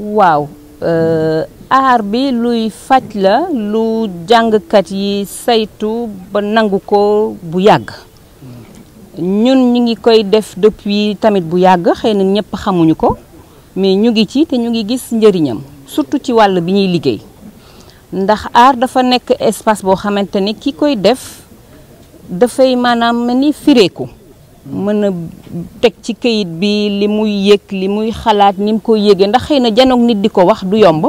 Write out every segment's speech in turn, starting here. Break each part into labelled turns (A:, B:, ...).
A: waaw euh, aar bi luy faj la lu jàngkat yi saytu ba nangu ko bu yàgg ñun ñu ngi koy def depuis tamit bu yàgg xëy na ñëpp xamuñu ko mais ñu ngi ci te ñu ngi gis njëriñam surtout ci wàll bi ñuy liggéey ndax aar dafa nekk espace boo xamante ni ki koy def dafay maanaam mel ni fireeku mën a teg ci këyit bi li muy yëg li muy xalaat ni mu koy yëgee ndax xëy na janoog nit di ko wax du yomb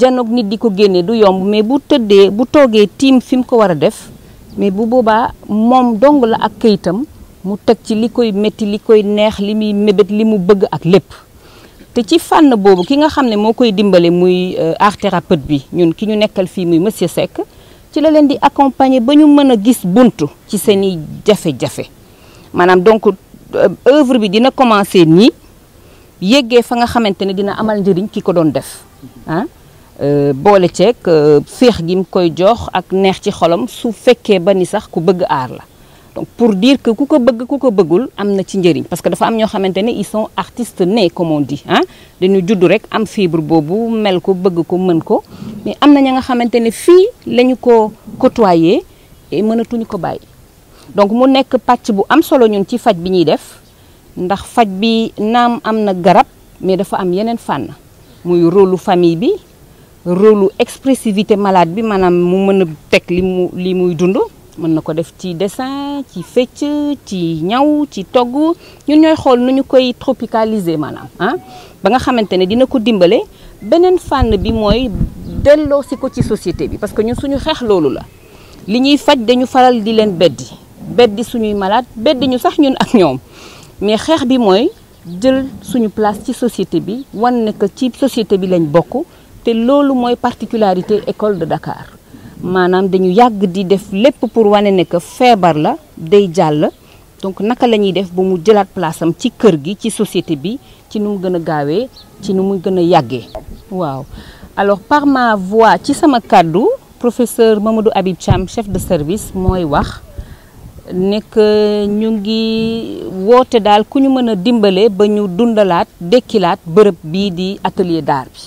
A: janoog nit di ko génne du yomb mais bu tëddee bu toogee tiim fi mu ko war a def mais bu boobaa moom dong la ak këyitam mu teg ci li koy métti li koy neex li muy mébét li mu bëgg ak lépp te ci fànn boobu ki nga xam ne moo koy dimbale muy euh, art thérapeute bi ñun ki ñu nekkal fii muy monsieur Seck ci la leen di accompagner ba ñu mën a gis buntu ci seeni i jafe-jafe Manam donc euh, œuvre bi dina commencer ni yeggé fa nga xamante dina amal njëriñ ki ko doon def ah euh, boole ceeg euh, feex gi koy jox ak neex ci xolam su fekkee ba ni sax ku bëgg aar la donc pour dire que kuko bëgg kuko bëggul amna ci ndirign parce que dafa am ño xamante ils sont artistes nés comme on dit ah dañu judd rek am fibre bobu mel ko bëgg ko mën ko mais am na ña nga xamante fi lañu ko côtoyé et mënatuñu ko bàyyi donc mu nekk pàcc bu am solo ñun ci faj bi ñuy def ndax faj bi naam am na garab mais dafa am yeneen fànn muy rôlu famille bi rôlu expressivité malade bi maanaam mu mën a teg li mu li muy dund mën na ko def ci dessin ci fecc ci ñaw ci togg ñun ñooy xool nu ñu koy tropicaliser maanaam ah ba nga xamante ne dina ko dimbale beneen fànn bi mooy delloo si ko ci société bi parce que ñun suñu xeex loolu la li ñuy faj dañu faral di leen beddi beddi suñuy malade beddi ñu sax ñun ak ñoom mais xeex bi mooy jël suñu place société bi société bi lañ particularité école de Dakar maanaam dañu yàgg di def lépp pour wane ne que feebar la donc naka la def ba mu place am ci société bi ci ci mu alors par ma voix ci sama professeur Mamadou Habib Cham chef de service mooy nekk ñu ngi woote daal ku ñu mën a dimbale ba ñu dundalaat dekkilaat bërëb bii di atelier d'art bi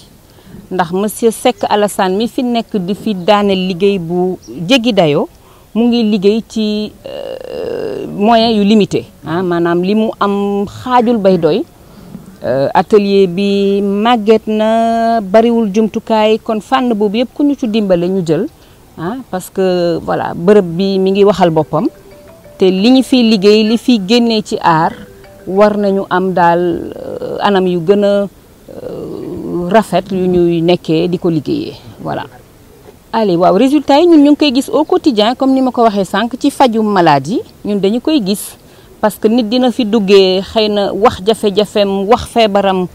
A: ndax monsieur Seck Alassane mi fi nekk di fi daaneel liggéey bu jéggi dayoo mu ngi liggéey ci euh, moyen yu limité ah maanaam li mu am xaajul bay doy euh, atelier bi màgget na bariwul jumtukaay kon fànn boobu yëpp ku ñu ci dimbale ñu jël ah parce que voilà bërëb bi mi ngi waxal boppam té li fi fiy liggéey li fi génnee ci art war nañu am dal euh, anam yu gëna a euh, rafet yu ñuy nekké diko ko voilà. allez waaw résultat yi ñun ñu ngi koy gis au quotidien comme ni ma ko waxee sànq ci faju maladie ñun dañu koy gis parce que nit dina fi duggé xeyna wax jafé jafém wax feebaram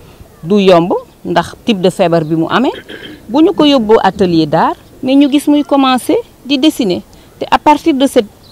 A: du yomb ndax type de feebar bi mu amé buñu ko yobbo atelier d'art mais ñu gis muy commencer di dessiner té à partir de cette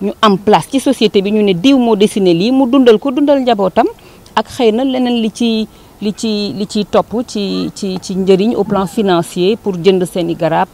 A: ñu en place ci société bi ñu ne diw moo dessiné lii mu dundal ko dundal njabootam ak xëy na li ci li ci li ci ci ci au plan financier pour jënd seen i garab